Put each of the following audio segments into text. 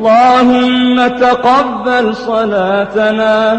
اللهم تقبل صلاتنا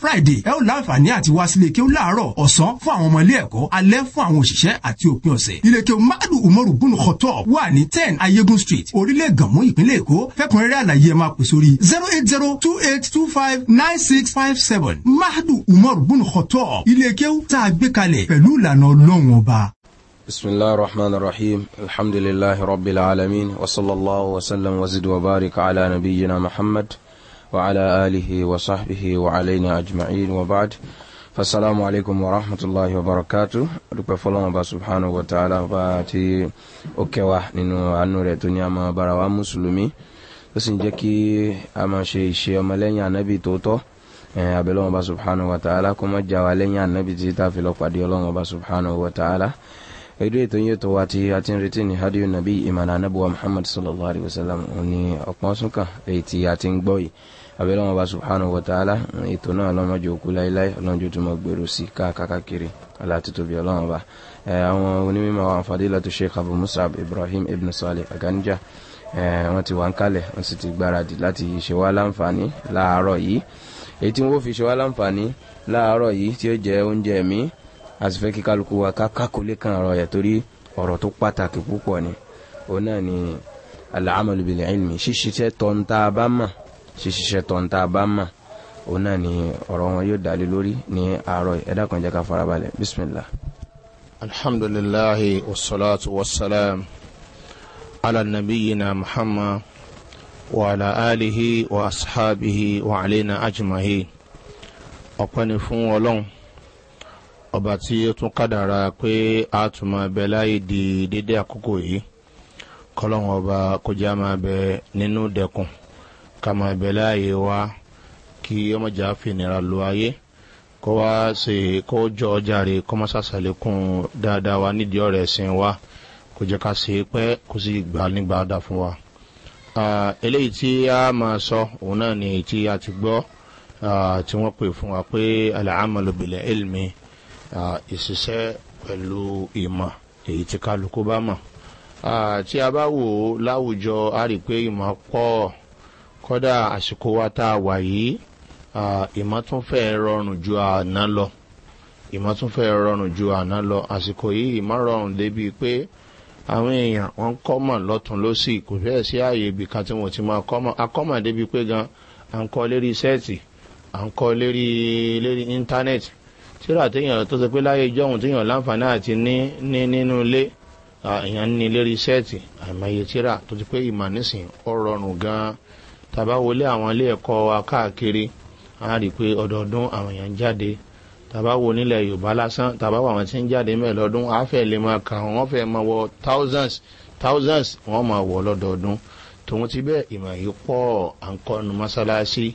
friday ẹ ó láǹfààní àti wá sílé kí ó láàárọ̀ ọ̀sán fún àwọn ọmọ ilé ẹ̀kọ́ alẹ́ fún àwọn òṣìṣẹ́ àti òpin ọ̀sẹ̀ ilé kí o madu umaru bunu kọtọ wà ní ten ayégun street orílẹ̀ gànmú ìpínlẹ̀ èkó fẹ́kùnrẹ́rẹ́ àlàyé ẹ máa pè sórí zero eight zero two eight two five nine six five seven madu umaru bunu kọtọ ilé kí ó tá a gbé kalẹ̀ pẹ̀lú ìlànà ọlọ́run ọba. بسم الله الرحمن الرحيم الحمد لله رب العالمين وصلى الله وسلم وزد وبارك على نبينا محمد وعلى آله وصحبه وعلينا أجمعين وبعد فالسلام عليكم ورحمة الله وبركاته ربي فلان با سبحانه وتعالى باتي أكوا ننو أنو رتوني أما براوا مسلمي بس نجكي أما شيء شيء أما لين نبي توتو abẹ́lọ́wọ́n bá subhanahu wa ta'ala kó mọ́ jà wá lẹ́yìn ànábì tí tá fi lọ pàdé ọlọ́wọ́n bá subhanahu wa ta'ala èdè ètò yìí tó wá tí a ti ń retí ní hadiyu nabi imana anabuwa muhammad sallallahu alaihi wasallam ní ọ̀pọ̀ súnkàn èyí tí a ti ń gbọ́ yìí abẹ́lẹ́ wọn bá subhanahu wa ta'ala ètò náà lọ́mọdé òkú láéláé ọlọ́njú tó mọ̀ gbèrò sí káàkiri aláàtìtòbí ọlọ́run ọba àwọn onímọ̀ àwọn fadílà tó sheikh abu musab ibrahim ibn saleh aganija wọ́n ti wà ń kalẹ̀ wọ́n sì ti gbáradì láti ṣe wá láǹfààní láàárọ̀ yìí èyí tí wọ́n fi ṣe wá láǹfààní láàárọ̀ yìí tí ó jẹ́ oúnjẹ mi a fẹ́ kí kálukú wa kákàkólé kan ọ̀rọ̀ yẹn torí ọ̀rọ̀ tó pàtàkì púpọ̀ ni òun náà ni alaamalu bilẹ̀ ṣíṣiṣẹ́ tọ́ntà ṣíṣiṣẹ́ tọ̀ ń tá a bá mà òun náà ni ọ̀rọ̀ wọn yóò dálé lórí ní àárọ̀ ẹ̀dá kan jẹ́ ká farabalẹ̀ bisimilah. alhamdulilahi wasalaatu wasalaam ala nabiyina muhammad wa ala alihi wa ashabihi wa alena ajimahi ọ̀pẹ́ ni fún ọlọ́run ọba tí ó tún kádàrá pé a tún máa bẹ láyé di dédé àkókò yìí kọ́lọ́run ọba kò já máa bẹ nínú dẹkùn kama ìbẹ̀lẹ̀ ààyè wa kí ọmọjà fìnira lu ayé kó wá ṣe kó jọ ọjà rè kó má ṣàṣàlékún dáadáa wa nídìí ọ̀rẹ́ ẹ̀sìn wa kò jẹ́ ká ṣe pẹ́ kó sì gbà nígbà dà fún wa. eléyìí tí a máa sọ òun náà ni tí a ti gbọ́ tí wọ́n pè fún wa pé alàámọ̀lòbìlẹ̀ elmi ìṣiṣẹ́ pẹ̀lú ìmọ̀ èyí tí kálukú bá mọ̀. tí a bá wò láwùjọ a rí i pé ìmọ̀ pọ̀ kọ́dà àsìkò wa tá a wà yìí ìmọ̀túnfẹ́ rọrùn ju àná lọ ìmọ̀túnfẹ́ rọrùn ju àná lọ àsìkò yìí ìmọ̀ rọrùn débi pé àwọn èèyàn wọn kọ́ mọ̀ lọ́tún lọ́sì kò fẹ́ẹ̀ sí ààyè ibì kan tí wọ́n ti máa kọ́ mọ̀ akọ́mọ̀ débi pé gan à ń kọ́ lérí sẹ́ẹ̀tì à ń kọ́ lérí lérí íńtánẹ́ẹ̀tì tíra téèyàn tó sọ pé láyé ìjọ́hun téèyàn láǹfààní àti ní ní nínú ilé èèyàn ní lérí sẹ́ẹ̀tì àìmọye tíra tó ti pé ìmọ̀ nísìn ó rọrùn gan-an tàbá wọlé àwọn ilé ẹ̀kọ́ wa káàkiri a rí i pé ọdọọdún àwọn èèyàn jáde tàbá wo nílẹ̀ yorùbá lásán tàbá wo àwọn tí ń jáde mẹ́ẹ̀ lọ́dún á fẹ́ lè máa kà wọ́n fẹ́ máa wọ thousands thousands wọ́n máa wọ̀ lọ́dọọdún tòun ti bẹ́ẹ̀ ìmọ̀ yìí pọ̀ à ń kọ́ nu mọ́sálásí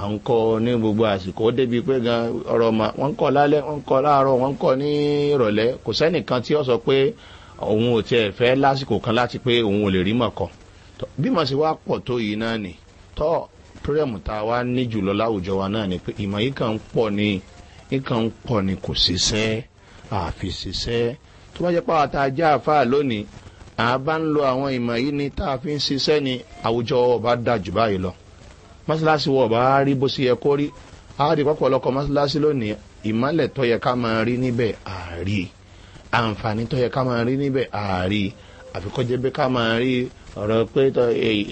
à ń kọ́ ní gbogbo àsìkò ó débi pé gan ọ̀rọ̀ mà wọ́n ń kọ́ lálẹ́ wọ́n ń kọ́ láàárọ̀ wọ́n ń kọ́ ní ìrọ̀lẹ́ kò sẹ́nìkan tí ó sọ pé òun ò tiẹ̀ fẹ́ lásìkò kan láti pé òun ò lè rí mọ̀ kọ́ bí mọ̀ sí wá pọ̀ tó yìí náà nì tọ́ pírẹ́mù tá a wá ní jùlọ láwùjọ wa náà ni pé ìmọ̀ yìí kàn ń pọ̀ ni yìí kàn ń pọ̀ ni kò ṣiṣẹ́ àfi ṣiṣẹ́ tó bá jẹ́ pàwọ́ tá a já àfáà lónìí à bá ń lo àwọn ìmọ̀ yìí ni tá a fi ń ṣiṣẹ́ ni àwùjọ ọba dà jù báyìí lọ mọ́ṣáláṣí wọ̀ bá rí bó ṣe yẹ kó rí a rí pọ́pọ́ ọlọ́kọ̀ mọ́ṣáláṣí lónìí ìmọ̀lẹ̀ tó yẹ ká máa rí níbẹ̀ àárí àǹfààní tó yẹ ká máa rí níbẹ̀ àárí àfikọ́jẹ́ ká máa rí ọ̀rọ̀ pé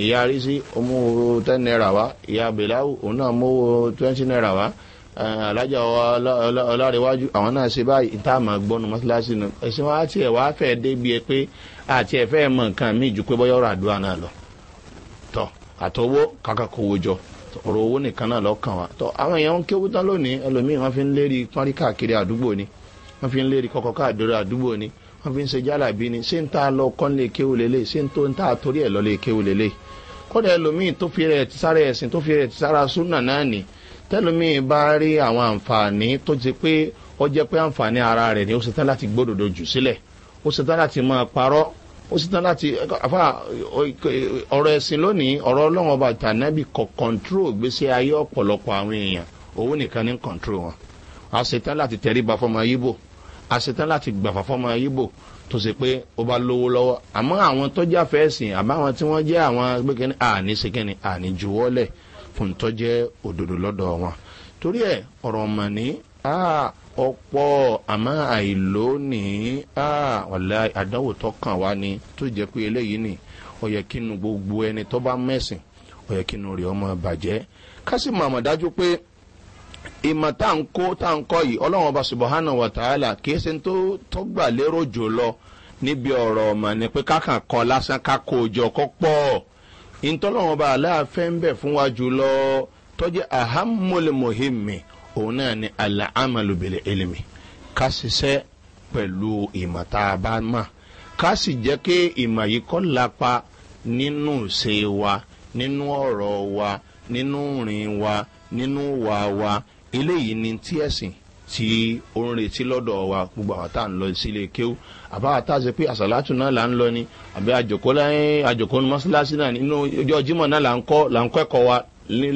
ìyá arísí omówó ten naira wá ìyá bèláwù òun náà mówó twenty naira wá alájà ọlárẹ̀wájú àwọn náà ṣe báyìí tá a máa gbọ́nu mọ́ṣáláṣí nu ẹ̀sìn wa ti ẹ̀ wá fẹ́ débi ẹ pé àti ẹ̀ fẹ́ mọ nǹkan míì ju pé bọ́yọ̀ ọ̀rọ̀ àdúrà náà lọ tọ́ àtọwọ́ kàkàkọ̀wò jọ ọ̀rọ̀ owó nìkan náà lọ́kàn wa tọ́ àwọn èèyàn ń kéwú tán lónìí ẹlòmíì wọ́n fi ń lérí párí káàkiri àdúgbò ni wọ́n fi ń lérí kọ́kọ́ káàdúrà àdúgbò ni wọ́n fi ń ṣe jálàbí ni ṣé ń ta lọ kọ́ lè kéwù lélẹ̀ ṣé ń tó ń ta torí ẹ̀ lọ lè kéwù lélẹ̀ kọ́dà ẹlòmíì tó fi rẹ̀ ti sára ẹ̀sìn tó fi rẹ̀ ti sára súnà náà nì tẹ́lòmíì bá rí àwọn àǹfààní tó ti pé ó jẹ́ pé àǹfààní ara rẹ̀ ni ó ṣetán láti gbódòdó jù sílẹ̀ ó ṣetán láti máa parọ́ ó ṣetán láti àfa ọ̀rọ̀ ẹ̀sìn lónìí ọ̀rọ̀ ọlọ́run ọba tànàbì kọ̀ kọ̀ǹtró gbèsè ayé ọ̀pọ̀lọpọ̀ àwọn èèyàn òun nìkan ní kọ̀ǹtró wọn a ṣetán láti tẹríba fọmọ yíbò àṣetán láti gbàfà fọmọ ibo tó ṣe pé ó bá lówó lọ́wọ́ àmọ́ àwọn tó jẹ́ àfẹ́sìn àbáwọn tí wọ́n jẹ́ àwọn gbẹ́kẹ́ni àní ṣèkẹ́ni àní juwọ́lẹ̀ fún tó jẹ́ òdòdó lọ́dọ̀ wọn torí ẹ̀ ọ̀rọ̀ ọmọ ní ọ̀pọ̀ àmọ́ àìló ní ọ̀la àdánwò tó kàn wá ni tó jẹ́ pé eléyìí ni ó kí nu gbogbo ẹni tó bá mẹ́sìn ó kí nu rẹ̀ ọmọ bàjẹ́ ká sì mọ̀ ìmọ̀ tá n kó tá n ń kọ́ yìí ọlọ́run ọba subahana wa ta'ala kì í ṣe tó tó gbà lérò jò lọ níbi ọ̀rọ̀ ọ̀mọ̀ ni pé kákan kó jọ pọ̀ lọ tọ́jú òun náà ni ká ṣiṣẹ́ pẹ̀lú ìmọ̀ tá a bá mọ̀ ká sì jẹ́ kí ìmọ̀ yìí wa nínú ọ̀rọ̀ wa nínú wa. nínú wà wa eléyìí ni tí ẹ̀sìn tí ó ń retí lọ́dọ̀ wa gbogbo àwọn tá à ń lọ sílé kéwú àbá àtà ṣe pé àṣàlátù náà là ń lọ ni àbí àjòkó láyé àjòkó mọ́ṣáláṣí náà nínú ọjọ́ jimọ̀ náà là ń kọ́ là ń kọ́ ẹ̀kọ́ wa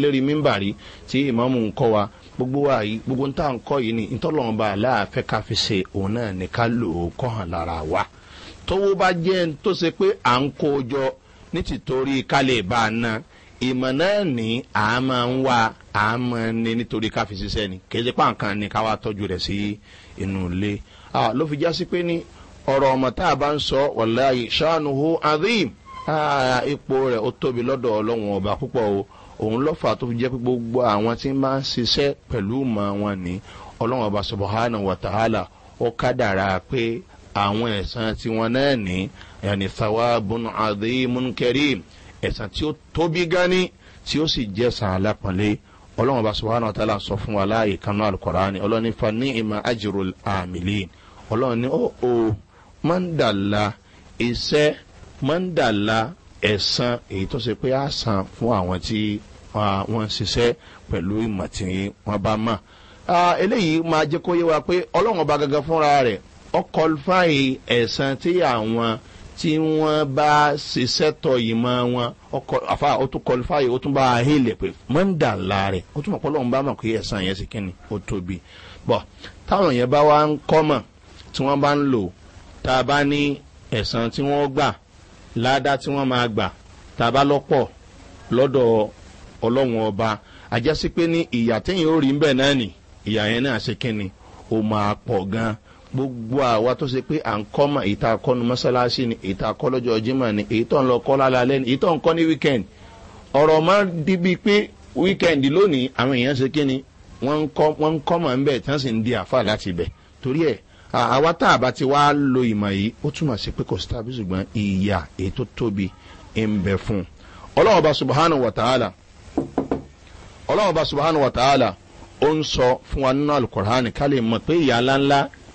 lérí mímbàrí tí ìmọ̀mù ń kọ́ wa gbogbo wa yìí gbogbo ń tà ń kọ́ yìí ni ìtọ́lọ́mọba aláàfẹ́ ká ṣe òun náà ní ká lò ó kọ́ hàn lára wa tówó bá jẹ́ tó ṣe pé à ń kó jọ ní ká lè bá a ná ìmọ̀ náà ní àmọ́ ń wá àmọ́ ní nítorí káfí ṣiṣẹ́ ni kì í ṣe pàǹkan ni káwá tọ́jú rẹ̀ sí inú ilé ló fi já sí pé ní ọ̀rọ̀ ọmọ tá a bá ń sọ wàláyé ṣáànùhó adéhìm ipò rẹ̀ ó tóbi lọ́dọ̀ ọlọ́run ọba púpọ̀ o òun lọ́fà tó fi jẹ́ pé gbogbo àwọn tí máa ń ṣiṣẹ́ pẹ̀lú ìmọ̀ wọn ni ọlọ́run ọba subahana wàtàhálà ó kádàrá pé àwọn ẹ̀sán tiwọn náà ní yàní sawabun adéhìm kẹrìm ẹ̀sán tí ó tóbi gani tí ó sì jẹ́ sàn alápọ̀nlé ọlọ́run bá subahana wa ta'ala sọ fún wa láàyè kanú alukoraani ọlọ́run nífa ní ìmọ̀ ajurul amílì ọlọ́run ní o mandala ń dàla iṣẹ́ máa ń dàla ẹ̀sán èyí tó ṣe pé á san fún àwọn tí wọ́n ń ṣiṣẹ́ pẹ̀lú ìmọ̀ tí wọ́n bá mọ̀ eléyìí máa jẹ́ kó yé wa pé ọlọ́run ọba gangan fúnra rẹ̀ ọkọ̀ fáyì ẹ̀sán tí àwọn tí wọ́n bá ṣiṣẹ́ tọ ìmọ̀ wọn ọkọ àfa ó tún kọlifáyé ó tún bá a hélè pé mọ́ńdà ńlá rẹ̀ ó tún mọ̀ pọ́lọ́ ń bá mọ̀ pé ẹ̀sán yẹn sì kíni ó tóbi bọ̀ táwọn yẹn bá wá ń kọ́mọ̀ tí wọ́n bá ń lò tá a bá ní ẹ̀sán tí wọ́n gbà ládá tí wọ́n máa gbà tá a bá lọ́pọ̀ lọ́dọ̀ ọlọ́run ọba àjẹsí pé ní ìyà téèyàn ó rí ń bẹ̀ náà nì ìyà yẹn náà ṣe kíni ó máa pọ̀ gan-an gbogbo àwa tó ṣe pé à ń kọ́ mà ìta kọ́nu mọ́ṣáláṣí ni ìta kọ́ lọ́jọ́ jimá ni èyí ń lọ kọ́ lálẹ́ ni èyí ń kọ́ ní dibi pé wíkẹ́ndì lónìí àwọn èèyàn ṣe kí ni wọ́n ń kọ́ mà ń bẹ̀ tí wọ́n sì ń di àfa láti bẹ̀ torí ẹ̀ àwa tá a bá ti wá lo ìmọ̀ yìí ó túmọ̀ sí pé kò sí tàbí ṣùgbọ́n ìyà èyí tóbi ń fún ó ń sọ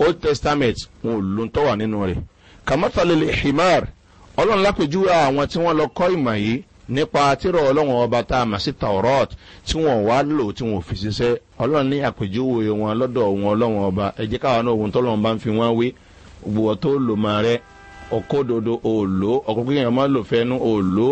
old testament wọn ò ló ń tọ́wà nínú rẹ̀ kàmátàlélẹ̀ himar ọlọ́run lápèjúwe àwọn tí wọ́n lọ kọ́ ìmọ̀ yìí nípa tírọ̀ ọlọ́run ọba tá a mà sí taurot tí wọ́n wá lò tí wọ́n fi ṣiṣẹ́ ọlọ́run ní àpèjúwe wọn lọ́dọ̀ wọn ọlọ́run ọba ẹ̀jẹ̀ káwọn náà ohun tọ́lọ́run bá ń fi wọ́n wé gbùwọ́ tó lò mọ́ rẹ ọkọ́dodo òòlò ọkọ́ kéèyàn máa lò fẹ́nu òòlò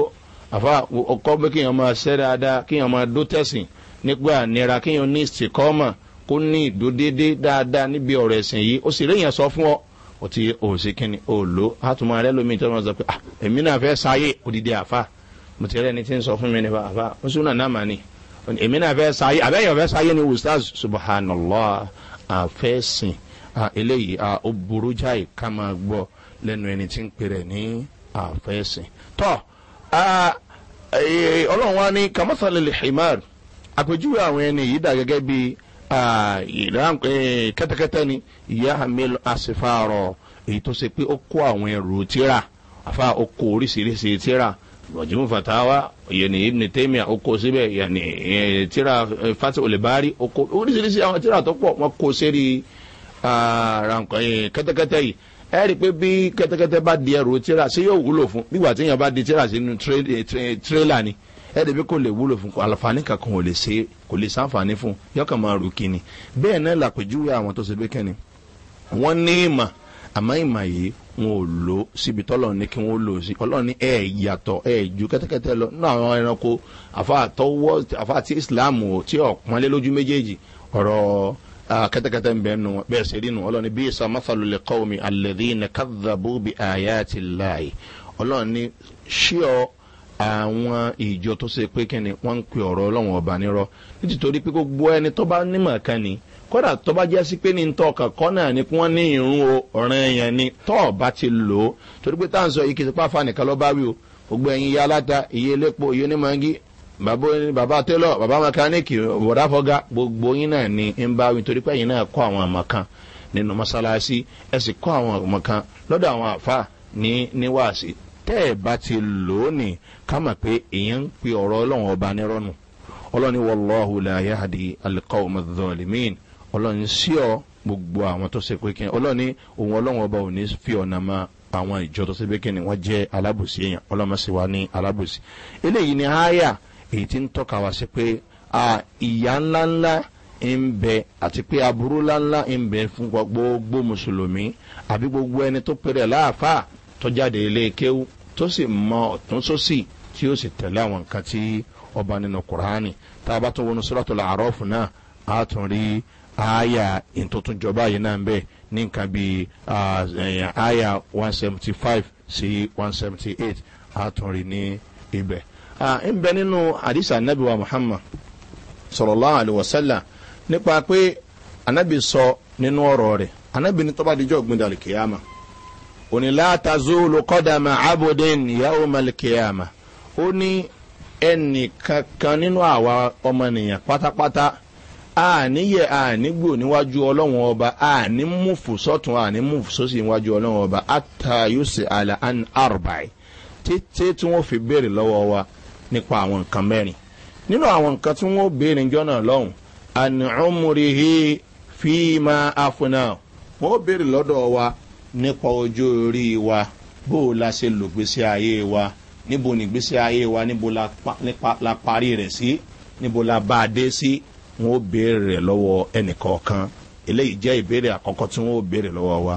àfa ọkọ́ pé kéèyàn máa ṣẹ́ dáadáa kéèyàn máa dó tẹ̀sìn nígbà nira kéèyàn ní ìsìnkọ́mọ̀ kó ní ìdódédé dáadáa níbi ọ̀rọ̀ ẹ̀sìn yìí ó sì réyìn sọ fún ọ ó ti ò sí kíni ò lò á tún máa rẹ lómi tó máa sọ pé ah èmi náà fẹ́ sáyé òdìdí àfa mo ti rẹ ẹni tí ń sọ fún mi nípa àfa ó sún náà náà ní èmi náà fẹ́ sáyé àbẹ́yẹ̀ fẹ́ sáyé ni ustaz subhanallah àfẹ́sìn eléyìí ó burú jáì ká máa gbọ́ lẹ́nu ẹni tí ń pèrè ní àfẹ́sìn tọ́ ọlọ́run wa ní kàmọ́sálẹ̀ lè àpèjúwe àwọn ẹni yìí dà gẹ́gẹ́ bíi kẹ́tẹ́kẹ́tẹ́ ni ìyá hamil asifaro èyí tó ṣe pé ó kó àwọn ẹrù tíra àfa ó kó oríṣiríṣi tíra rọ̀jùmù fatawa yẹni ibn tẹ́míà ó kó síbẹ̀ yẹni tíra fati olùbárí ó kó oríṣiríṣi àwọn tíra tó pọ̀ wọ́n kó sérí kẹ́tẹ́kẹ́tẹ́ yìí ẹ rí i pé bí kẹ́tẹ́kẹ́tẹ́ bá di ẹrù tíra ṣé yóò wúlò fún bí wàá tí yẹn bá di tíra sínú tírélà ni ẹ dẹ̀ bí kò lè wúlò fún àlàfààní kankan ò lè ṣe kò lè sáǹfààní fún yọkàn máa rò kíni bẹ́ẹ̀ náà làpèjúwe àwọn tó ṣe bí kẹ́ni wọ́n ní ìmọ̀ àmọ́ ìmọ̀ yìí wọn ò lò síbi tọ́lọ̀ ní kí wọ́n lò sí ọlọ́ọ̀ni ẹ̀ yàtọ̀ ẹ̀ ju kẹ́tẹ́kẹ́tẹ́ lọ nínú àwọn ẹranko àfàtọ́wọ́ àfàtí islam tí ọ̀pọ̀nlé lójú méjèèjì ọ̀rọ̀ kẹ́tẹ́kẹ́tẹ́ ń bẹ nu bẹ́ẹ̀ ṣe rí nu ọlọ́ọ̀ni bí isa masalule kọ́ọ̀mi alẹ́dí ní kàdàbù bí ayé àti láàyè ọlọ́ọ̀ni ṣíọ́ àwọn ìjọ tó ṣe pé kíni wọ́n ń pe ọ̀rọ̀ ọlọ́run ọba nírọ́ nítorí pé gbogbo ẹni tó bá nímọ̀ kan ni kódà tó bá jẹ́ sí pé ní tọ́ ọkàn kọ́ náà ni kí wọ́n ní irun o ọ̀ràn èèyàn ni tọ́ ọba ti lò ó torí pé táwọn sọ yìí kì í sọ pé àfànìkan ló bá wí o gbogbo ẹ̀yin ya aláta iye elépo iye onímọ̀ọ́gí bàbá tẹ́lọ̀ bàbá mẹkáníìkì bọ̀dá fọ́gá gbogbo yín náà ni ń bá wí torí pé ẹ̀yin náà kọ́ àwọn àmọ̀ kan nínú mọ́sálásí ẹ̀ kọ́ àwọn àmọ̀ kan lọ́dọ̀ àwọn àfà ní níwáàsí tẹ́ ẹ̀ bá ti lò ó nì ká mọ̀ pé èèyàn ń pe ọ̀rọ̀ ọlọ́run ọba nírọ́nù ọlọ́ni wàlláhu làyà àdì alikọ́ ọmọdéjọ́límìn ọlọ́ni sí ọ gbogbo àwọn tó ṣe pé kí ni ọlọ́ni òun ọlọ́run ọba ò ní fi ọ̀nà mọ́ àwọn ìjọ tó ṣe pé kí ni wọ́n jẹ́ alábòsí èèyàn ọlọ́mọsí wa ní alábòsí eléyìí ni àyà èyí tí ń tọ́ka wá sí pé ìyá ńláńlá ń bẹ àti pé aburú ńláńlá ń bẹ fún gbogbo mùsùlùmí àbí gbogbo ẹni tó pèrè láàfáà tó jáde ilé kéwú tó sì mọ ọ̀tún sósì tí ó sì tẹ̀lé àwọn nǹkan tí ọba nínú kùránì tá a bá tún wọnú sọ́dọ̀tò làárọ̀fù náà a tún rí aya ìtòtúnjọba yìí náà ń bẹ̀ ní nǹkan bíi aya one seventy five sí one seventy eight a tún rí ní ibẹ̀. ń bẹ nínú àdìsá anabi wa muhammad sọlọ́lá àlùwọ̀sálà nípa pé anabi sọ nínú ọ̀rọ̀ rẹ̀ anabi ní tọ́ba díjọ́ gbẹ̀dàlì kìyàmá ó ní látàzúlù kọ́dàmà abudin ìyàwó malikiyama ó ní ẹnì kankan nínú àwa ọmọnìyàn pátápátá àníyẹ ànígbò níwájú ọlọ́run ọba àní múfù sọ́tún àní múfù sósì níwájú ọlọ́run ọba àtàyòsè àlà àn àrùbáì títí tí wọ́n fi béèrè lọ́wọ́ wa nípa àwọn nǹkan mẹ́rin nínú àwọn nǹkan tí wọ́n béèrè jọ́nà lọ́hùn àní ọmọrìhì fíìmà àfúnà wọ́n béèrè lọ́dọ̀ wa nípa ọjọ́ orí wa bó o la ṣe lò gbèsè ayé wa níbo ni gbèsè ayé wa níbo la parí rẹ̀ sí níbo la bá a dé sí wọn ó béèrè rẹ̀ lọ́wọ́ ẹnìkọ̀ọ̀kan eléyìí jẹ́ ìbéèrè àkọ́kọ́ tí wọ́n ó béèrè lọ́wọ́ wa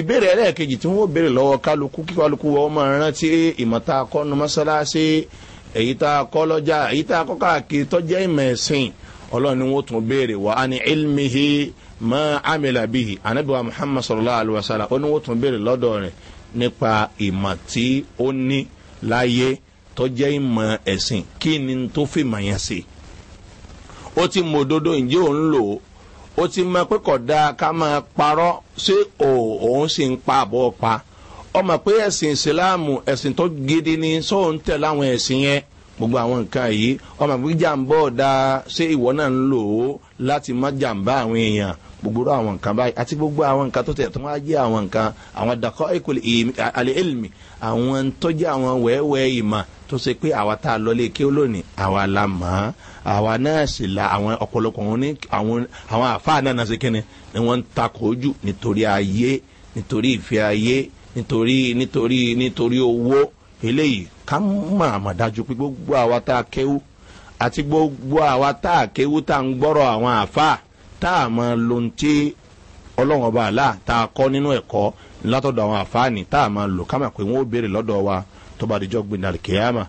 ìbéèrè ẹlẹ́ẹ̀kejì tí wọ́n ó béèrè lọ́wọ́ kálukú kí kálukú wọ́n máa rántí ìmọ̀ta akọ́nu mọ́sálásí èyí tá a kọ́ lọ́jà èyí tá a kọ́ káàkiri tọ́jẹ́ ìmọ̀ ẹ̀sìn ọlọ́run ni wọ́n tún béèrè wá á ní ilmihi mọ́ amílà bíi anabiwa muhammad sallallahu alayhi wa sallam ó ní wọ́n tún béèrè lọ́dọ̀ rẹ̀ nípa ìmọ̀ tí ó ní láyé tó jẹ́ ìmọ̀ ẹ̀sìn kí ni tó fi mọ̀ yẹn sí. ó ti mọ òdodo ǹjẹ́ òun lò ó ó ti mọ pé kò ká máa parọ́ sí òun sì ń pa àbọ̀ pa ọmọ pé ẹ̀sìn ìsìláàmù ẹ̀sìn tó gidi ni sóun tẹ̀ láwọn ẹ̀sìn yẹn gbogbo àwọn nǹkan yìí ọmọ àgbẹ̀ jàǹbá ọ̀dà ṣé ìwọ náà ń lò ó láti má jàǹbá àwọn èèyàn gbogbo àwọn nǹkan báyìí àti gbogbo àwọn nǹkan tó tẹ̀ tó wá jẹ́ àwọn nǹkan àwọn dàkọ́ ẹ̀kọ́ àlẹ́ ẹ̀lmì àwọn tọ́jú àwọn wẹ́wẹ́ ìmọ̀ tó ṣe pé àwa tá a lọlé kí ó lónìí àwa la mọ̀ ọ́ àwa náà sì la àwọn ọ̀pọ̀lọpọ̀ wọn ní àwọn àwọn náà náà ṣe kíni ni wọ́n ń takò jù nítorí ayé nítorí ìfẹ́ ayé nítorí nítorí nítorí owó eléyìí ká mọ̀ àmọ̀ dájú pé gbogbo àwa tá a kéwú àti gbogbo àwa tá a kéwú tá a ń gbọ́rọ̀ àwọn àáfàá tá a mọ̀ ló ń tí ọlọ́run ọba àlá tá a kọ́ nínú ẹ̀kọ́ látọ̀dọ̀ àwọn àáfàá ni tá a mọ̀ lò ká mọ̀ pé wọ́n ó béèrè lọ́dọ̀ wa tó bá dijọ́ gbin dàrí kéámà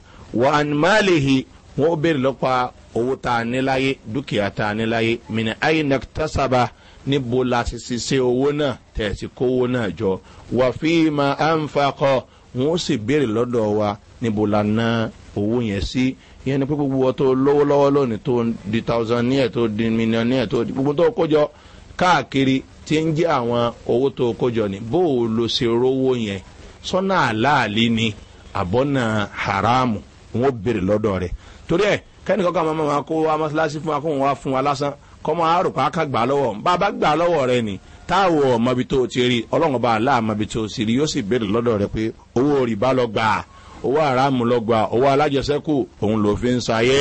má lè hi wọ́n ó béèrè lọ́pa owó tá a ní láyé dúkìá tá a ní láyé mìíràn ayé nàkítàsábà níbo la ti ṣiṣẹ́ owó náà tẹ̀sí kówó náà jọ wàfíìmà àǹfààkọ́ wọ́n ó sì béèrè lọ́dọ̀ wa níbo la ná owó yẹn sí ìyẹn ni pé gbogbo ọtọ lọ́wọ́ lọ́wọ́ lónìí tó di thousand ní ẹ̀ tó di million ní ẹ̀ tó di gbogbo tó kójọ káàkiri ti ń jẹ́ àwọn owó tó kójọ ni bó o lo ṣe rówó yẹn sọ́nà àlàálí ni àbọ̀nà haramu wọn bèrè lọ́dọ̀ rẹ̀ torí ẹ̀ kẹ́nìkan kan máa máa kó wa mọ́ṣáláṣí fún wa kó wọn fún wa lásán kọ́ máa rò pa ká gbà lọ́wọ́ bàbá gbà lọ́wọ́ rẹ ni táwọ̀ mọ́bi tó ti rí ọlọ́run bá a láà mọ́bi tó ti rí yóò sì bèrè lọ́dọ̀ rẹ pé owó rìbá lọ gbà owó àràmù lọ́gbà owó alájọsẹ́kù òun ló fi ń sayé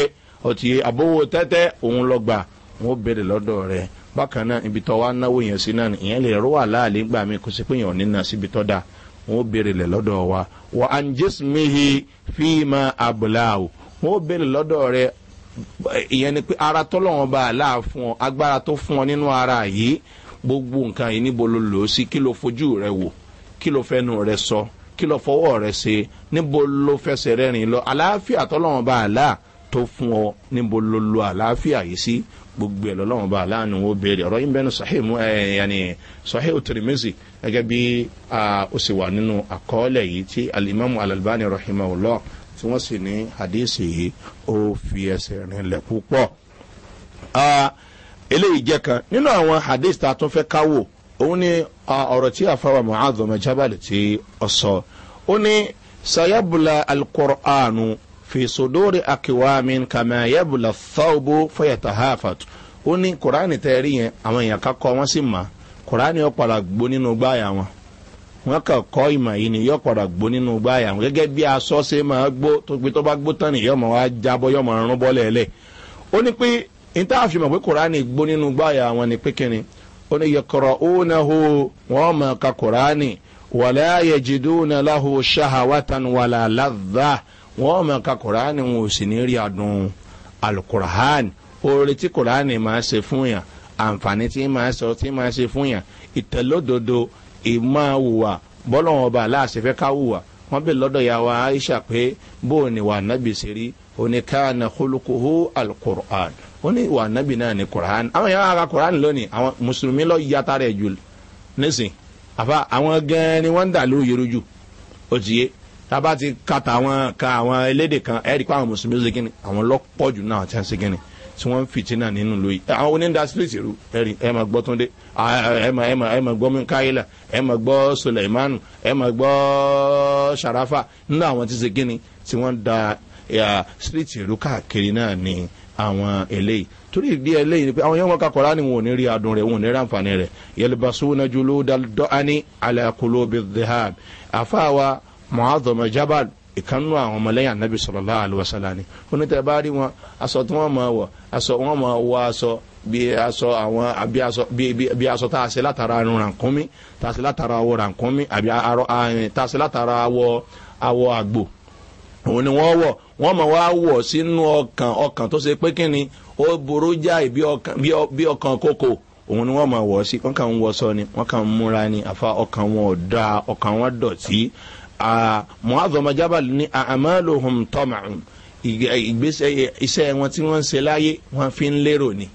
ọtí abówó tẹ́tẹ́ òun lọ́gbà wọn ó béèrè lọ́dọ̀ rẹ̀ bákan náà ibi tó wá náwó yẹn sí náà ìyẹn lè rọ́ wà láàlẹ́ gbà mí kó sì pé yẹn ò ní náà síbi tó da wọn ó béèrè lẹ̀ wa wà á ń jésùmíhi fíìmà abùláwò wọn ó béèrè lọ́dọ̀ rẹ̀ ìyẹn ni pé ara tọ́lọ́wọ́n bá a láà fún ọ agbára tó fún ọ nínú ara yìí gbogbo nǹkan yìí níbo ló lò ó sí kí ló fojú rẹ wò kí ló fẹ́nu rẹ sọ. So kí lọ fọwọ́ rẹ ṣe níbo ló fẹsẹ̀ rẹ rìn lọ àlàáfíà tọ́lọ́wọ́n bá àlá tó fún ọ níbo ló lo àlàáfíà yìí sí gbogbo ẹ̀ lọ́lọ́wọ́n bá àlá ni wọ́n béèrè ọ̀rọ̀ yín bẹ́ẹ̀ ni sahih mu ẹ̀ yanni sahih tirimisi gẹ́gẹ́ bí ó sì wà nínú àkọọ́lẹ̀ yìí tí alimami alalbani rahimahullah tí wọ́n sì ní hadisi yìí ó fi ẹsẹ̀ rìn lẹ̀ púpọ̀ eléyìí jẹ́ kan nínú àwọn hadisi tá a tún fẹ́ káwò òun ni ọ̀rọ̀ tí àfáwà muhammed mẹjábàlì tí ti ọsọ ó ní sayabula alukur'anu fesodori akiwami amị thawbo fayatahafat ó ní kuraani tẹ́ rí yẹn àwọn èèyàn kakọ wọn sì mà kuraani yọ gbó nínú gbáyà wọn wọn kà kọ́ ìmọ̀ yìí ni yọ padà gbó nínú gbáyà wọn gẹ́gẹ́ bí aṣọ ṣe máa gbó tó gbé tó bá gbó tán jábọ́ yọ wọn ó ní yẹkọrọ ónahu wọn mọ ka kuraani wàlẹ́ ayẹjidúnà láhu ṣahawatan wàlà ladà wọn mọ ka kuraani wọn ò sì ní rí adùn alukuraani oore tí kuraani máa ṣe fún yàn àǹfààní tí máa sọ tí máa ṣe fún yàn ìtẹ̀lódodo ìmáwùwà bọ́lọ́wọ́n ọba aláàṣẹfẹ́ káwùwà wọ́n bẹ̀ lọ́dọ̀ ya wa aisha pé bóun ni wà nábìsírí oníkàánà kólókòó alukur'an wọ́n ní ìwà ànábì náà ní kùránì àwọn èèyàn ara kùránì lónìí àwọn mùsùlùmí lọ yàtà rẹ̀ jù nísìn àfa àwọn gan ni wọ́n ń dà lóru yorùbá jù ó ti yé tába ti kàtà àwọn kan àwọn elédè kan ẹ̀rí pa àwọn mùsùlùmí ṣe kíni àwọn lọ́pọ̀ jù náà ti ń ṣe kíni tí wọ́n ń fìtí náà nínú lóyè àwọn onídàá sílẹ̀tì rú ẹ̀rí ẹ̀ máa gbọ́ túndé ẹ̀ máa gbọ́ mikaela ẹ̀ máa gbọ́ suleimanu ẹ̀ máa gbọ́ sharafa nínú àwọn ti ṣe kíni tí wọ́n da sílẹ̀tì rú káàkiri náà nìyí àwọn eléyìí torí ìdí eléyìí ni pé àwọn yẹn wọn kakọ̀ọ́ra ni wọn ò ní rí adùn rẹ̀ wọn ò ní rí àǹfààní rẹ̀ yẹlẹbàṣúná jùlọ dọ́ani alakolo bidhab àfàwà muhadama jabal ìkànnú àwọn ọmọlẹ́yìn anabi sọlọ́lá àlùwàsálà ni onítẹ̀ bá rí wọn aṣọ tí wọ́n máa wọ̀ aṣọ wọ́n máa wọ aṣọ bí aṣọ àwọn àbí aṣọ bí aṣọ tá a ṣe látara irun rànkúnmí tá a ṣe látara awọ rànkúnmí àbí tá a ṣe látara awọ awọ àgbò òun ni wọ́n wọ̀ wọ́n mọ̀ wá wọ̀ sínú ọkàn ọkàn tó ṣe pé kí ni ó burú jáì bí ọkàn kókò òun ni wọ́n mọ̀ wọ̀ sí wọ́n kàn ń wọṣọ ni wọ́n kàn ń múra ni àfa ọkàn wọn ò da ọkàn wọn dọ̀tí. muhazọmọjábàlì ní àmàlòhùn tọ́màrún ìgbésẹ̀ iṣẹ́ wọn tí wọ́n ń ṣe láyé wọ́n fi ń lérò ni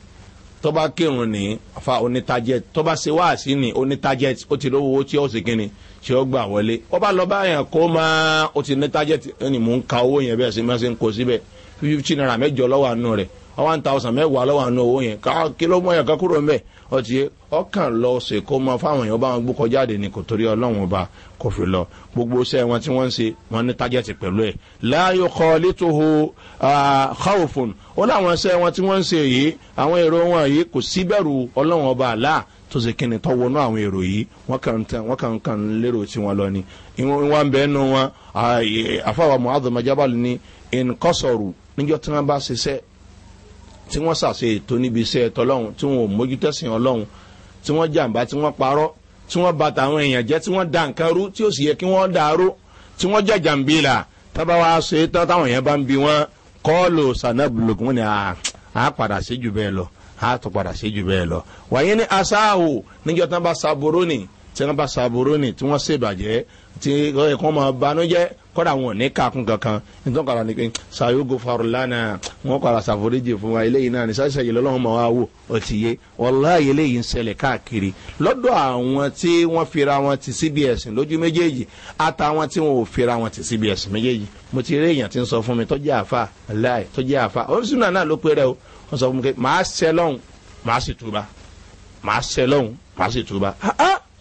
tọ́ba kírun ní àfa onítajẹ́t tọ́ba ṣe wáàsí ní onítajẹ́t ó ti lówó tí ó ṣe kí ni tí ó gbà wọlé ọba lọ báyàn kó máa ó ti ní tájẹ́tì ẹni mò ń ka owó yẹn bẹ́ẹ̀ sí máa ṣe ń kó síbẹ̀ fifty naira mẹ́jọ lọ́wọ́ àánú rẹ̀ one thousand mẹ́wàá lọ́wọ́ àánú owó yẹn ká kìló mọ́ yàn ká kúrò mẹ́ ọtí ọkàn lọ ṣe kó máa fáwọn èèyàn bá wọn gbó kọjá àdè ni kò torí ọlọ́run ọba kò fi lọ gbogbo iṣẹ́ wọn tí wọ́n ń ṣe wọn ní tájẹ́tì pẹ̀lú ẹ̀ láàyò kọ́ létòho káwòfòn ó láwọn iṣẹ́ wọn tí wọ́n ń ṣe yìí àwọn èrò wọn yìí kò síbẹ̀rù ọlọ́run ọba àlá tó ṣe kíni tó wọnú àwọn èrò yìí wọn kàn tán wọn kàn kàn lérò tí wọn lọ ni wọn ń bẹ ẹnu wọn àfàwọn muhammed jabal ni nkọsọrù níjọ tí wọn bá ṣiṣẹ tí wọn ṣàṣe ètò níbi iṣẹ ẹtọ lọhùn tí wọn ò mójútẹsìn ọlọhùn tí wọn jàǹbá tí wọn parọ tí wọn bàtà àwọn èèyàn jẹ tí wọn da nǹkan rú tí ó sì yẹ kí wọn dàrú tí wọn jẹjà la tábà ṣe tán táwọn èèyàn bá ń bí wọn kọ́ọ̀lù sanabulukun ni a padà sí jù bẹ́ẹ̀ lọ a tó padà sí jù bẹ́ẹ̀ lọ. wàyí ni ba saburuni tán ba saburuni ni tí wọ́n bá saburú ni tí wọ́n ṣèbàjẹ́ tí ẹ̀kọ́ máa banújẹ́ kọ́dà wọn ò ní kàkún kankan nítorí kọ́dà ni pé sayogo farulana wọn kọ́dà sàforíjì fún wa eléyìí náà ní sáṣẹ yìí lọ́wọ́ máa wá wò ó ti yé wàláyé eléyìí ń ṣẹlẹ̀ káàkiri lọ́dọ̀ àwọn tí wọ́n fira wọn ti cbs lójú méjèèjì àtàwọn tí wọn ò fira wọn ti cbs mejeji mo ti rí èèyàn ti ń sọ fún mi tọ́jú àfa aláì tọ́jú àfa oṣù náà náà ló pé rẹ o wọ́n sọ fún mi pé màá ṣẹ lọ́hùn màá sì túba màá ṣẹ lọ́hùn màá sì túba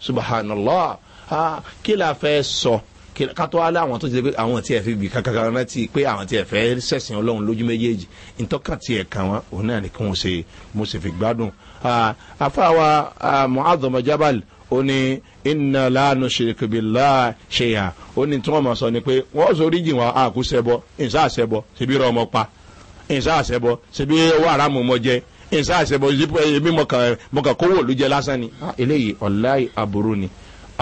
subhanallah kí la fẹ́ sọ kátó alẹ́ àwọn tó ti pé àwọn tí ẹ fi bì kankan rántí pé àwọn tí ẹ fẹ́ sẹ̀sìn ọlọ́run lójú méjèèjì ntọ́kàn tí ẹ kàn wọ́n òun náà ni kí wọ́n ṣe mo sì fi gbádùn. àfàwà muhammed jabal ó ní iná láàánú ṣèkìbìlá ṣèyà ó ní tí wọ́n mọ̀ sọ ni pé wọ́n sọ oríjì wọn àkúṣẹ́bọ ìṣàṣẹ́bọ ṣèbí rọ ọmọ pa ìsá àṣẹbọ ṣebí owó àràmù mọ jẹ ìsá àṣẹbọ ebi mọkàn kówó ló jẹ lásán ni. eléyìí ọ̀la aburú ni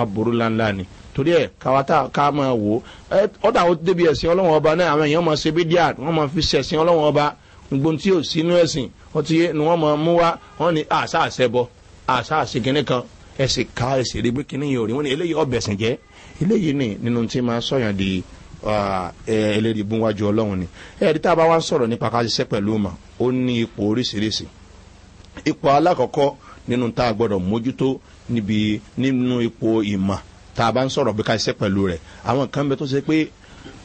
aburú ńláńlá ni torí ẹ káwa tá ká máa wò ó ọ̀dà ó débi ẹ̀sìn ọlọ́wọ́n ọba náà àwọn èèyàn máa ṣe bí díà wọ́n máa fi ṣẹ̀sìn ọlọ́wọ́n ọba gbogbo tí ò sínú ẹ̀sìn ọtí ni wọ́n máa mú wá wọ́n ní àṣà àṣẹbọ àṣà àṣekínní kan ẹ̀sìn ká ẹ̀sìn rí pé kínní yìí ò rí wọ́n ní eléyìí ni nínú tí máa sọ̀yàn di ẹlẹ́rìí bún wájú ọlọ́run ni ẹ̀rí tá a bá wá ń sọ̀rọ̀ nípa ká ṣiṣẹ́ pẹ̀lú mà ó ní ipò oríṣiríṣi ipò alákọ̀ọ́kọ́ nínú tá a gbọ́dọ̀ mójútó níbi nínú ipò ìmọ̀ tá a bá ń sọ̀rọ̀ bí ká ṣiṣẹ́ pẹ̀lú rẹ̀ àwọn nǹkan bẹ tó ṣe pé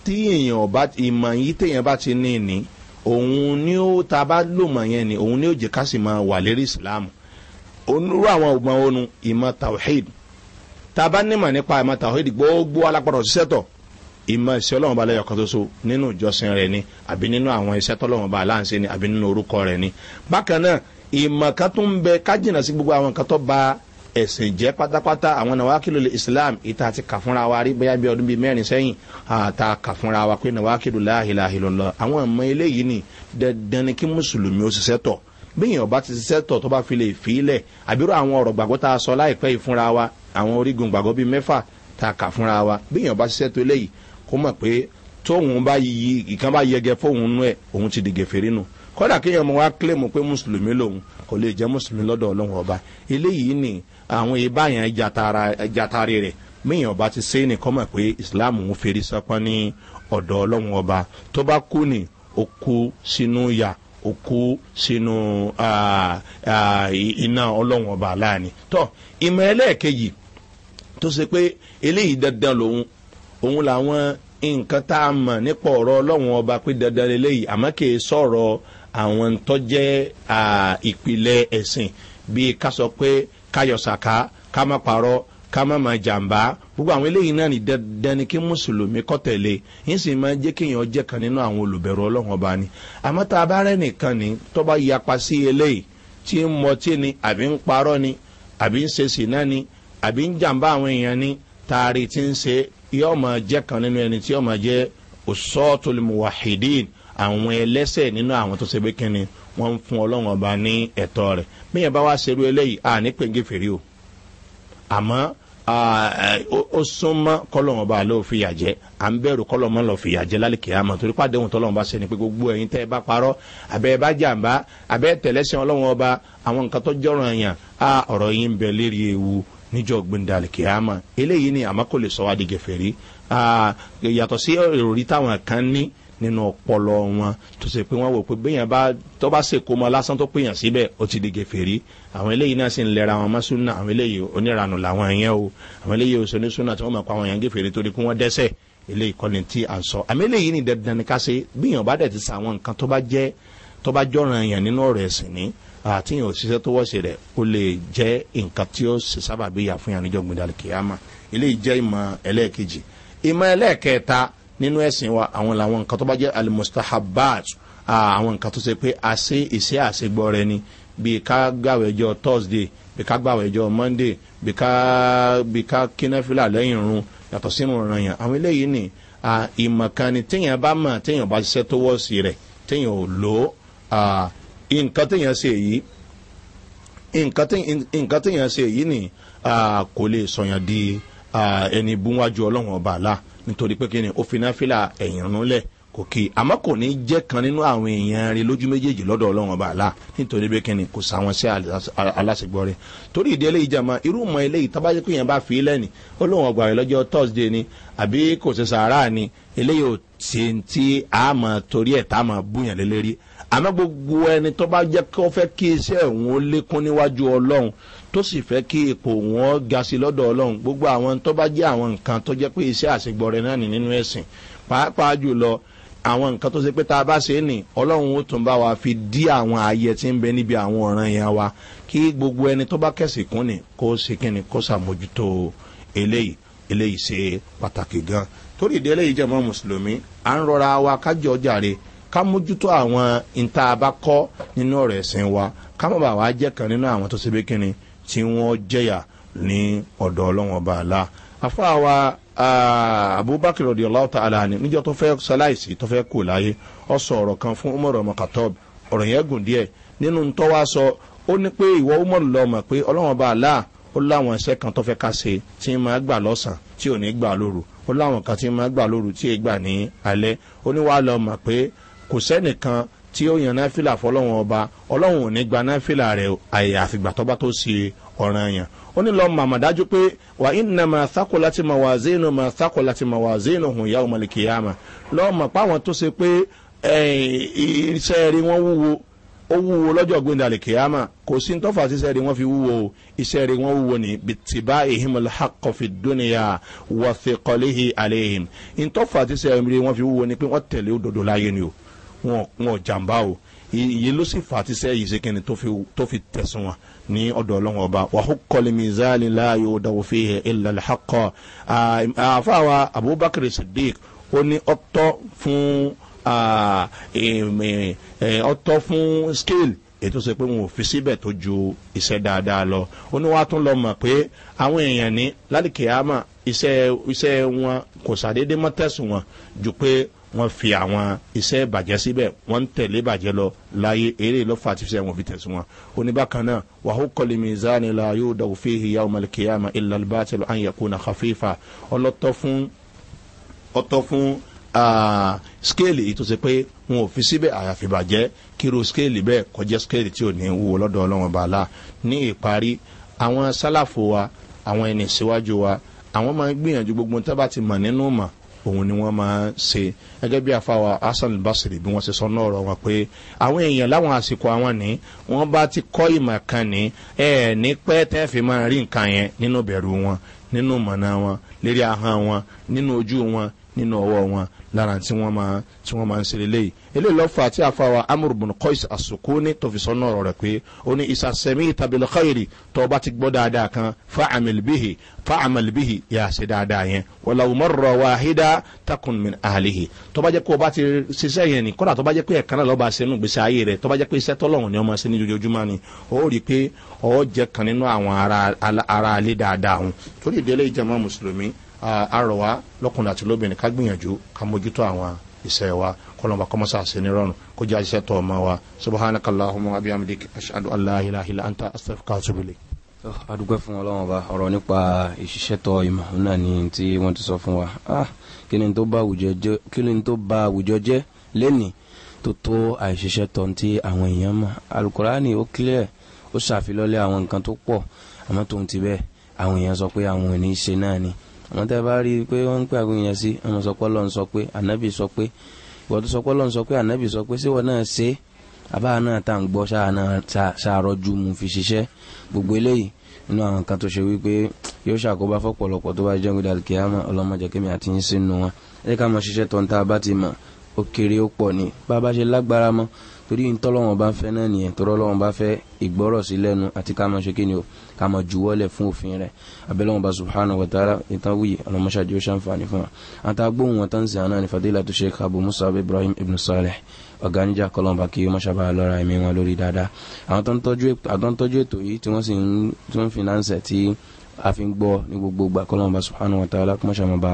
tí èèyàn ọba ìmọ̀ yìí téèyàn bá ti ní ìní òun ni ó ta bá lòmọ̀ yẹn ni òun ni ó jẹ́ ká sì máa wà lérí ìsìláàmù onírú àwọn ọgbọ̀n ìmọ̀ ìṣe ọlọ́run ba lẹ́yọ̀ kan tó so nínú ìjọsìn rẹ̀ ni àbí nínú àwọn iṣẹ́ tọ́lọ́run ba aláǹṣe ni àbí nínú orúkọ rẹ̀ ni bákan náà ìmọ̀ kan tó ń bẹ kájìnà sí gbogbo àwọn kan tó ba ẹ̀sìn jẹ́ pátápátá àwọn nàwákìlò islam ìta ti kà fúnra wa rí bóyá bí ọdún bíi mẹ́rin sẹ́yìn àta kà fúnra wa pé nàwákìlò láhìláhìlọ́lọ́ àwọn ìmọ̀ eléyìí ni dandan ni kí mùsùlùmí ó ṣiṣẹ́ tọ̀ bíyàn bá ti ṣiṣẹ́ tọ̀ tó bá fi lè fi í lẹ̀ àbírò àwọn ọ̀rọ̀ gbàgbọ́ yìí fúnra kó mọ̀ pé tóun bá yí ìkan bá yẹgẹ fóun nú ẹ̀ òun ti dìgẹ̀ fèrè nù kódà kéèyàn mọ wá kílèmù pé mùsùlùmí lòun kò lè jẹ́ mùsùlùmí lọ́dọ̀ ọlọ́run ọba eléyìí ni àwọn ìbáyàn jatare rẹ̀ míyàn ọba ti sẹ́yìn nìkan mọ̀ pé islam ń fèrè sọpọ́n ní ọ̀dọ̀ ọlọ́run ọba tó bá kú ni ó kú sínú yà ó kú sínú iná ọlọ́run ọba láàánì tó ìmọ̀ ẹlẹ́ẹ̀kejì tó ṣe pé eléyìí dandan lòun òun làwọn nǹkan tá a mọ̀ nípa ọ̀rọ̀ ọlọ́run ọba pé dandan lélẹ́yìí àmọ́ kì í sọ̀rọ̀ àwọn tó jẹ́ ìpìlẹ̀ ẹ̀sìn bíi ká sọ pé káyọ̀sàká ká má parọ́ ká má má jàǹbá gbogbo àwọn eléyìí náà ní dandan ni kí mùsùlùmí kọ́ tẹ̀lé yín sì máa jẹ́ kéèyàn jẹ́ kan nínú àwọn olùbẹ̀rù ọlọ́run ọba ni àmọ́ tá a bá rẹ́ nìkan ni tó bá yapa sí eléyìí tí ń mọtí yóò máa jẹ́ kan nínú ẹni tí yóò máa jẹ́ òsọ́tòlùmùwàhídìn àwọn ẹlẹ́sẹ̀ nínú àwọn tó ṣe pé kínni wọ́n ń fún ọlọ́run ọba ní ẹ̀tọ́ rẹ̀ bí yẹn bá wá ṣerú eléyìí à ní pèǹgé fèrè o àmọ́ ó súnmọ́ kọ́lọ́run ọba ló fìyà jẹ́ à ń bẹ̀rù kọ́lọ́run lọ fìyà jẹ́ lálẹ́kẹ̀ẹ́ àmọ́ torí pàdé ohun tọ́lọ́run bá ṣe ni pé gbogbo ẹ̀yin tẹ́ ẹ bá parọ́ àbẹ́ ẹ bá jàǹbá àbẹ́ tẹ̀lẹ́sìn ọlọ́run ọba àwọn nǹkan tó jọ̀ràn yàn á ọ̀rọ̀ yín bẹ lérí ewu níjọ́ gbẹ̀ndàlẹ̀ kìámà eléyìí ni àmọ́ kò lè sọ wá di gẹ̀fẹ̀rí yàtọ̀ sí ìròrí táwọn kan ní nínú ọpọlọ wọn tó ṣe pé wọn wò pé bẹ́yàn bá tó bá ṣèkó mọ lásán tó pèyàn síbẹ̀ ó ti di gẹ̀fẹ̀rí àwọn eléyìí náà sì ń lẹ́ra wọn mọ́súnà àwọn eléyìí oníranù làwọn yẹn o àwọn eléyìí oṣooṣúnà tí wọ́n mọ̀ pa àwọn yẹn gẹ̀fẹ̀rí torí pé wọ́n dẹ́sẹ̀ eléyìí kọ́ni tí à ń sọ àmì eléyìí ni dandan ni ká ṣe bíyàn bá dẹ̀ ti sa àwọn nǹkan tó bá jẹ́ tó bá jọ̀ràn yẹn nínú ọ̀rọ̀ ẹ̀sìn ni àtìyàn ah, òṣìṣẹ́ tó wọ́ọ̀ṣe rẹ̀ ó lè jẹ́ nǹkan tí ó ṣe sábà bí ìyá fún yàn níjọ́ gbìndàlẹ̀ kìyàmà eléyìí jẹ́ ìmọ̀ ẹlẹ́ẹ̀kejì ìmọ̀ ẹlẹ́ẹ̀kẹta nínú ẹ̀sìn wa àwọn làwọn nǹkan tó bá jẹ́ alimustahabat àwọn nǹkan tó ṣe pé àṣe ìṣe àṣegbọ́ rẹ ni bí ká gbàwé ẹjọ́ thursday bí ká gbàwé ẹjọ́ monday bí ká bí ká kínáfìlà lẹ́yìn irun yàtọ̀ sínú ọ̀ràn yàn àwọn eléyìí ni ìmọ̀ kan ni téèyàn bá mọ̀ téèyàn bá ṣiṣẹ́ tó wọ́ọ̀sì rẹ̀ téèyàn ò lò ó nǹkan téèyàn ṣe èyí nǹkan téèyàn ṣe èyí ni kò lè sọyàn di ẹni búwájú ọlọ́run ọba àlá nítorí pé kí ni ó fi náfìlà ẹ̀yìn rúnlẹ̀ kò kí àmọ́ kò ní jẹ́ kan nínú àwọn èèyàn rẹ lójú méjèèjì lọ́dọ̀ ọlọ́run ọba àlá nítorí pé kí ni kò sáwọn sí aláṣẹgbọ́ rẹ torí ìdí eléyìí jàmọ́ irú mọ́ eléyìí tábàjẹ́ pé yẹn bá fi lẹ́ni ọlọ́run ọgbà rẹ lọ́jọ́ thursday ni àbí kò ṣe sàárà ni eléyìí ò ti ti àmọ́ torí ẹ̀ tá àmọ́ búyàn lélẹ́rí àmọ́ gbogbo ẹni tó bá jẹ́ kó fẹ́ kí iṣẹ́ òun lékún níwájú ọlọ́run tó sì fẹ́ kí ipò wọn ga sí lọ́dọ̀ ọlọ́run gbogbo àwọn tó bá jẹ́ àwọn nǹkan tó jẹ́ pé iṣẹ́ àṣegbọrẹ náà nì nínú ẹ̀sìn pàápàá jùlọ àwọn nǹkan tó ṣe pé tá a bá ṣe é nì ọlọ́run ó tún bá wa fi dí àwọn ayẹ tí ń bẹ níbi àwọn ọ̀ràn yẹn wa kí gbogbo ẹni tó bá kẹ̀sì kún ni kó ṣe kí ni kó ṣàmójútó eléyìí eléyìí ṣe pàtàkì gan torí ìdí eléyìí jẹ́ mọ́ mùsùlùmí à ń rọra wa kájọ jàre ká mójútó àwọn ìta àbákọ́ nínú ọ̀rọ̀ ẹ̀sìn wa ká má bàa wá jẹ́ kan nínú àwọn tó ṣe bí kíni tí wọ́n jẹ̀yà ní ọ̀dọ̀ ọlọ́wọ́n ọba àlá àfáà wa abubakar ọdí ọlá ọta àlá ni níjọ tó fẹ́ sọláìsì tó fẹ́ kú láyé ọ sọ ọ̀rọ̀ kan fún umar ọmọ katob ọ̀rọ̀ yẹn gùn díẹ̀ nínú tó wá sọ ó ní pé ìwọ umar lọ mọ̀ pé ọlọ́wọ́n ọba àlá ó láwọn iṣẹ́ kan tó fẹ́ ká ṣe tí máa gbà lọ́sàn tí ò ní gbà lóru ó láwọn kan tí máa gbà lóru tí ì gbà ní alẹ́ ó ní wàá lọ mọ̀ pé kò sẹ́nìkan tí ó yan náfìlà fọlọ́wọn ọba ọlọ́run ò ní gba náfìlà rẹ̀ àyè àfìgbà tọ́ba tó ṣe ọ̀ràn yàn ó ní lọ màmá dájú pé wà ìnà máa sákò láti máa wà zéènù máa sákò láti máa wà zéènù hùn ìyá òmàlìkì yá mà lọ́ọ̀mọ̀ páwọn tó ṣe pé iṣẹ́ rí wọ́n wúwo ó wúwo lọ́jọ́ gbẹ̀ndàlẹ̀ kìámà kò sí ntọ́fà sísẹ́ rí wọ́n fi wúwo iṣẹ́ rí wọ́n wúwo ní bìtìbá ìhìmọ̀lá hakọ̀fì dúnìyà wọ́fẹ̀kọ́lẹ́hì àlẹ́hìm ntọ́fà sísẹ́ rí wọ́n fi wúwo ní pé wọ́n tẹ̀lé òdodo láyé ni o wọn wọn jàǹbá o ìyẹn ló sì fà á ti sẹ́ yìí ṣèkínni tó fi tẹ̀sùn wọn ní ọ̀dọ̀ ọlọ́wọ́n ọba wàhùkọ́lì mizani láàyò dàwọ́fì ìlàlẹ̀ àkọ́ àfàwà abubakar sadiq ó ní ọ̀tọ̀ fún ọ̀tọ̀ fún scale ètò sọ pé wọn ò fi síbẹ̀ tó ju iṣẹ́ dáadáa lọ ó ní wàá tún lọ mọ̀ pé àwọn èèyàn ní lálùkìyàmà iṣẹ́ wọn kò sàdédé mọ́tẹ́sùn wọn ju pé wọ́n fi àwọn iṣẹ́ ìbàjẹ́ síbẹ̀ wọ́n ń tẹ̀lé ìbàjẹ́ lọ láyé eré ló fà tìfisẹ́ wọn fi tẹ̀sùn wọn. oníbàkan náà wàhó kọ́lé mizani la yóò dàgbò fi hiya ọmọ kìyàmà ilà albátìlù ànyẹ̀kú na kàfífà ọlọ́tọ́ fún ọtọ́ fún skéèlì yìí tó ṣe pé wọn ò fi síbẹ̀ àyàfi bàjẹ́ kíru skéèlì bẹ́ẹ̀ kọjá skéèlì tí ò ní wúwo lọ́dọ̀ ọlọ́run bàálà ní ìparí àwọn sálàfo wa àwọn ẹni síwájú wa àwọn máa ń gbìyànjú gbogbo tábà ti mọ̀ nínú mọ̀ òun ni wọ́n máa ṣe gẹ́gẹ́ bí àfàwà hasan basiri bí wọ́n ṣe sọ náà rọ̀ wọn pé àwọn èèyàn láwọn àsìkò àwọn ni wọ́n bá ti kọ́ ìmọ̀ kan ní ẹ̀ ní pẹ́ tẹ́ máa rí nǹkan yẹn nínú bẹ̀rù wọn nínú mọ̀nà wọn lérí ahọ́n wọn nínú ojú wọn nínú ọwọ́ wọn lára tí wọ́n máa tí wọ́n máa ń ṣeré léyìí eléyìí lọ́fà tí a fa wa amúr bùn kọ́ìs àsùkú ní tòfisọ́ náà rọ̀ rẹ̀ pé ó ní ìsàsẹ́mí ìtàbílẹ̀ káyìrì tó bá ti gbọ́ dáadáa kan fa àmàlìbíhì fa àmàlìbíhì yà á ṣe dáadáa yẹn wàlá òmùrọ̀ wà hídà takùn mi àhàlìhì tó bá jẹ́ pé o bá ti ṣiṣẹ́ yẹn ni kódà tó bá jẹ́ pé ẹ̀kan náà lọ́ba ṣe nù gbèsè àrọ̀wá lọ́kùnrin àti lóbìnrin ká gbìyànjú ká mójútó àwọn iṣẹ́ wa kọlọ́mọba kọ́mọ́sá àṣẹ nírọ̀rùn kó jẹ́ àṣẹ tọ́ ọmọ wa subhanakallahumma abiyamdik ashadu allah ilaha illa anta astaghfiruka wa atubu ilayk adúgbò fún ọlọ́wọ́n ọ̀rọ̀ nípa ìṣiṣẹ́tọ̀ ìmọ̀ náà ni tí wọ́n ti sọ fún wa ah, kí ni tó bá àwùjọ jẹ́ lénìí tó tó àìṣiṣẹ́tọ̀ tí àwọn èèyàn mọ̀ alukurani ó clear ó ṣàfilọ́lẹ̀ àwọn nǹkan tó pọ̀ àmọ́ tóun ti bẹ́ẹ̀ àwọn èèyàn sọ pé àwọn ò ní ṣe náà ni àmọ́ tẹ́ bá rí i pé wọ́n ń pè àwọn èèyàn sí ọmọ sọpọ́ lọ́n sọ pé ànábì sọ pé ìwọ tó sọpọ́ lọ́n sọ pé ànábì sọ pé síwọ náà ṣe àbá náà tá à ń gbọ́ ṣàárọ̀jú mu fi ṣiṣẹ́ gbogbo eléyìí nínú àwọn kan tó ṣe wípé yóò ṣàkóbá fọ́pọ̀lọpọ̀ tó bá jẹ́ gbé dàlùkì àmọ́ ọlọ́mọdé kémi àti yín sínú wọn ẹ ká ṣiṣẹ́ tó ń tá a bá ti mọ̀ ó kéré ó pọ̀ ni bá a bá ṣe lágbára mọ́ torí ntọ́lọ́wọ́n bá fẹ́ náà nìyẹn tọ́lọ́wọ́n bá fẹ́ ìgbọ́rọ̀ sí lẹ́nu àti ká máa ṣe kí ni o ká máa juwọ́lẹ̀ fún òfin rẹ̀ abẹ́lẹ́wọ̀n bá subhanahu wa ta'ala ìtàn wuyì ọlọmọṣáájú ó ṣàǹfààní fún wa àti agbóhùn wọn tán sí àná ní fadila tó ṣe kábù musa ibrahim ibn saleh ọ̀gánijà kọlọ́mbà kí mọ́ṣábà lọ́ra ẹ̀mí wọn lórí dáadáa àwọn tó ń tọ́jú ètò yìí tí wọ́n sì ń finance tí a fi ń gbọ́ ní gbogbo ìgbà kọ́lọ́mù bá subhanahu wa ta'ala kó mọ̀ṣá máa bá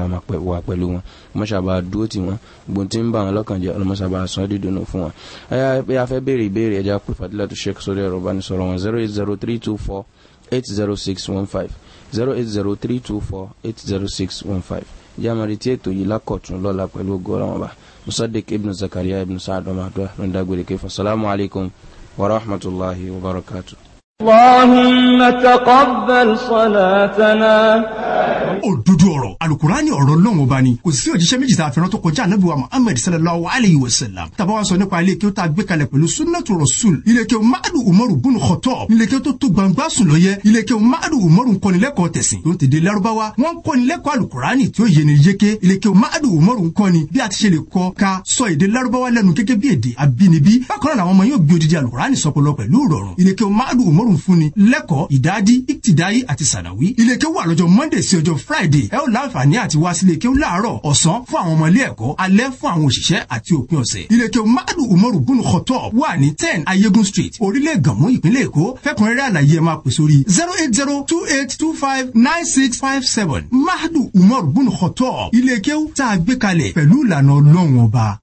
wa pẹ̀lú wọn mọ̀ṣá bá dúró tì wọn gbọ́n tí ń bá wọn lọ́kàn jẹ́ ọlọ́mọṣá bá sọ ẹ́ dídùn fún wọn. ẹyà pé a fẹ́ béèrè ìbéèrè ẹja pé fàdílà tó ṣe sórí ẹ̀rọ bá ní sọ̀rọ̀ wọn zero eight zero three two four eight zero six one five zero eight zero three two four eight zero six one five jamari tí ètò yìí lákọ̀tún lọ́la pẹ̀lú ògo ọlọ́wọ́n bá musadik ibn zakaria ibn sa'ad ọmọdé ló ń dágbére kéfà salamu alaykum wa rahmatulahi wa barakatuh. اللهم تقبل صلاتنا òdodo ọ̀rọ̀ alukurani ọ̀rọ̀ lọ́wọ́ bá ni kò sí òjíṣẹ́ méjì tá a fẹ́ràn tó kọjá anabiwa muhammed sallallahu alayhi wa sallam tàbá wa sọ nípa ilé kí ó tá kalẹ̀ pẹ̀lú sunnatu rasul ilé kí ó madu umaru bunu kọtọ ilé kí ó tó tó gbangba sùn lọ yẹ ilé kí ó madu umaru nkọnilẹ́kọ̀ọ́ tẹ̀sìn tó ń tẹ̀dé larubawa wọn kọnilẹ́kọ̀ọ́ alukurani tí ó yẹni yeke ilé kí madu umaru nkọni bí a ti ṣe lè kọ ka sọ èdè larubawa lẹnu gẹ́gẹ́ bí èdè abínibí bákan náà àwọn ọmọ yóò gbé odidi alukurani sọpọlọ pẹ̀lú rọrùn ilé kí ó madu umaru fúnni lẹ́kọ̀ọ́ ìdádi ìtìdáyé àti sàdáwí ilé kí ó wà lọ́jọ́ monday sí ọjọ́ friday ẹ ó láǹfààní àti wá sílé kí ó láàárọ̀ ọ̀sán fún àwọn ọmọ ilé ẹ̀kọ́ alẹ́ fún àwọn òṣìṣẹ́ àti òpin ọ̀sẹ̀ ìlẹ̀kẹ̀ madu umaru bunu kọtọ wà ní ten Ayegun street orílẹ̀ gànmú ìpínlẹ̀ èkó fẹ́kùnrẹ́rẹ́ àlàyé ẹ máa pè sórí zero eight zero two eight two five nine six five seven madu umaru bunu kọtọ ìlẹ̀kẹ̀ tá a gbé kalẹ̀ pẹ̀lú ìlànà ọlọ́run ọba.